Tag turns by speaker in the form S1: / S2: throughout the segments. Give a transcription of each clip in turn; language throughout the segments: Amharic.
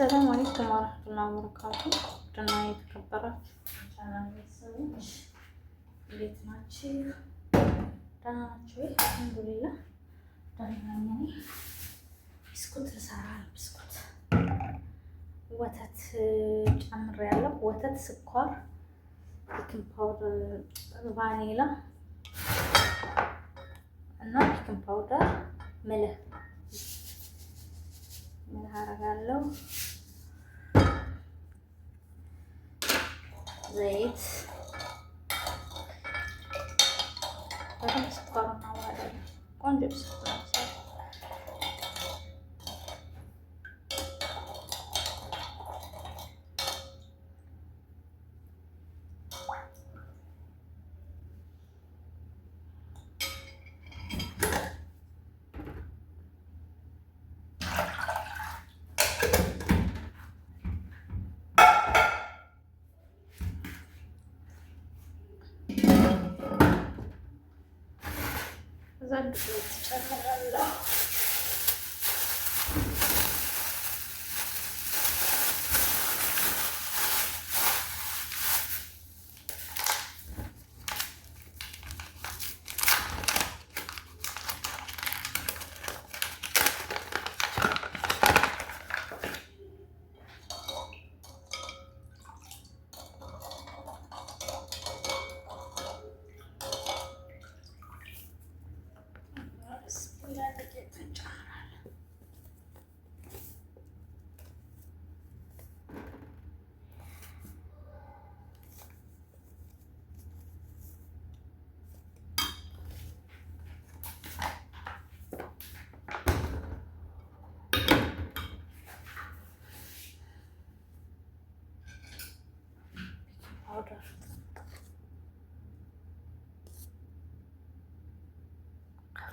S1: ሰላም አለይኩም ወራህመቱላሂ ወበረካቱ። ደህና የተከበራችሁ ቻናል ቤተሰቦች እንዴት ናችሁ? ደህና ናችሁ? አልሐምዱሊላህ ደህና ነኝ። ብስኩት ልሰራ ነው። ብስኩት ወተት ጨምሬያለሁ። ወተት፣ ስኳር፣ ቤኪንግ ፓውደር፣ ቫኒላ እና ቤኪንግ ፓውደር ምልህ ምን አደርጋለሁ braids. Parang sa karong nawala. Condoms. ከዛ ዱቄት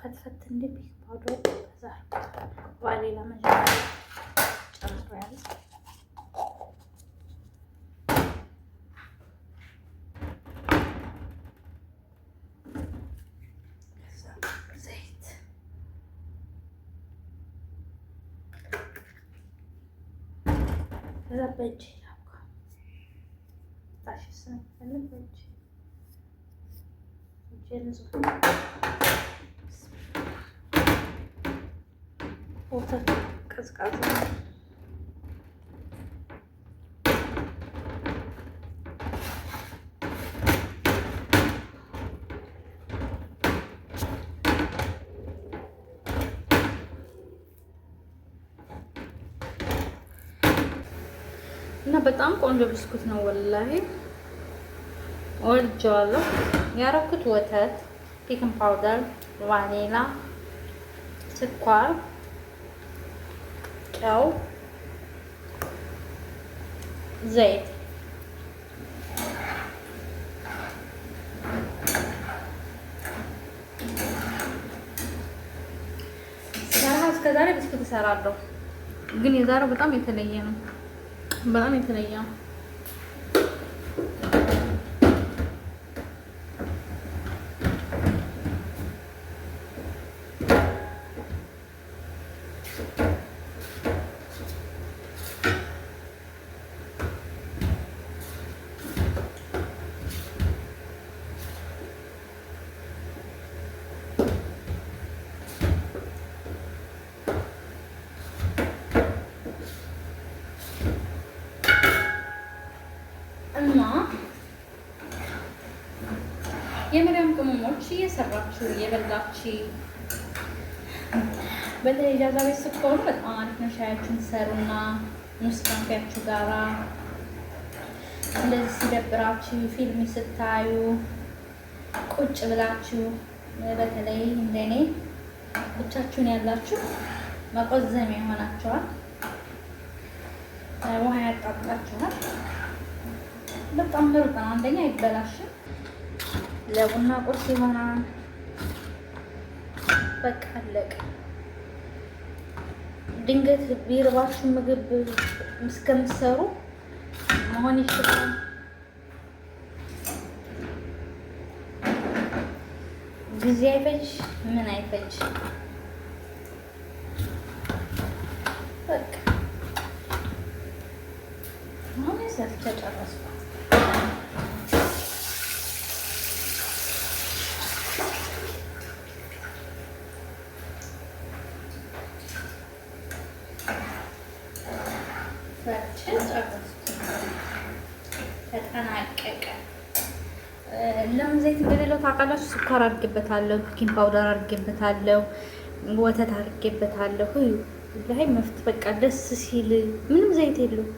S1: ከተፈት እንደዚህ ባዶ ከዛ ሌላ መጀመሪያ ጨምሮ ያለ ከዛ በእጅ ዳብኳ ጣሽ ስለምፈልግ በእጅ እጄን ዙ ወተት ቀዝቃዛ እና በጣም ቆንጆ ብስኩት ነው። ወላሂ ወድጀዋለሁ። ያረኩት ወተት፣ ቤኪንግ ፓውደር፣ ቫኒላ፣ ስኳር ጨው፣ ዘይት ሰራ እስከዛሬ ብስኩት እሰራለሁ፣ ግን የዛሬው በጣም የተለየ ነው። በጣም የተለየ ነው። የመዳም ቅመሞች እየሰራችሁ እየበላች በተለይ ጃዛ ቤት ስትሆኑ በጣም አሪፍ ነው። ሻያችሁን ሰሩና ኑስ ጋራ እንደዚህ ሲደብራችሁ ፊልም ስታዩ ቁጭ ብላችሁ በተለይ እንደኔ ብቻችሁን ያላችሁ መቆዘም ይሆናችኋል። ውሃ ያጣብቃችኋል። በጣም ምርጥ ነው። አንደኛ አይበላሽም። ለቡና ቁርስ ይሆናል። በቃ አለቀ። ድንገት ቢርባችሁ ምግብ እስከምትሰሩ መሆን ይችላል። ጊዜ አይፈጅ ምን አይፈጅ ለምን ዘይት እንደሌለው ታውቃላችሁ? ስኳር አድርጌበታለሁ፣ ኪን ፓውደር አድርጌበታለሁ፣ ወተት አድርጌበታለሁ። ላይ መፍት በቃ ደስ ሲል ምንም ዘይት የለው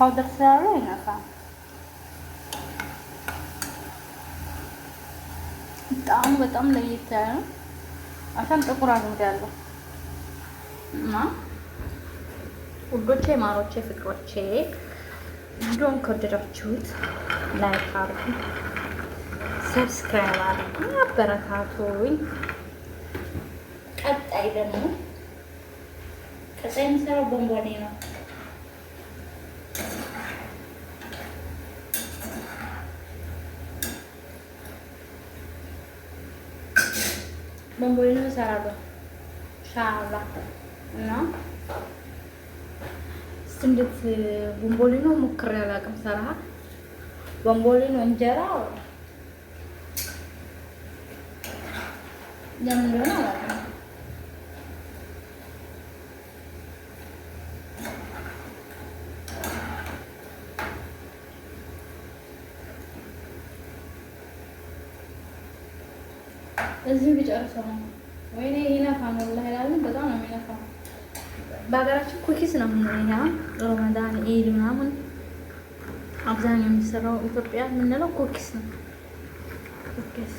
S1: ፓውደር ስላለው ይነፋ ጣዕሙ በጣም ለየት ያለ ነው። አሳም ጥቁር አዝሙድ ያለው እና ውዶቼ፣ ማሮቼ፣ ፍቅሮቼ እንዲሁም ከወደዳችሁት ላይክ አድርጉ፣ ሰብስክራይብ አድርጉ፣ አበረታቱኝ። ቀጣይ ደግሞ ቀጣይ የምሰራው ቦምቦኔ ነው። bombolino እሰራለሁ ኢንሻአላህ እና እስኪ እንዴት ቦምቦሊኖ ሞክሬ አላውቅም። ሰራ ቦምቦሊኖ እንጀራ ለምን እንደሆነ አላውቅም። እዚህ ቢጨርሰው ወይኔ ይነፋ ነው ይላል። በጣም ነው የሚነፋው። በሀገራችን ኩኪስ ነው የምንለው። ረመዳን ኢድ ምናምን አብዛኛው የሚሰራው ኢትዮጵያ የምንለው ኩኪስ ነው። ኩኪስ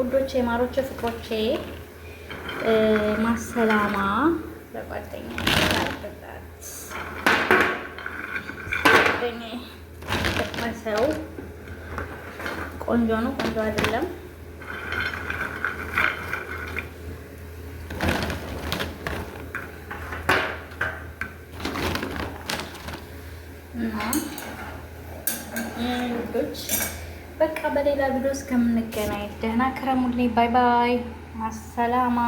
S1: ውዶቼ፣ ማሮቼ፣ ፍቅሮቼ ማሰላማ ለጓደኛ ሰው ቆንጆ ነው ቆንጆ አይደለም እና ውዶች በቃ በሌላ ቪዲዮ እስከምንገናኝ ደህና ክረሙልኝ። ባይ ባይ። ማሰላማ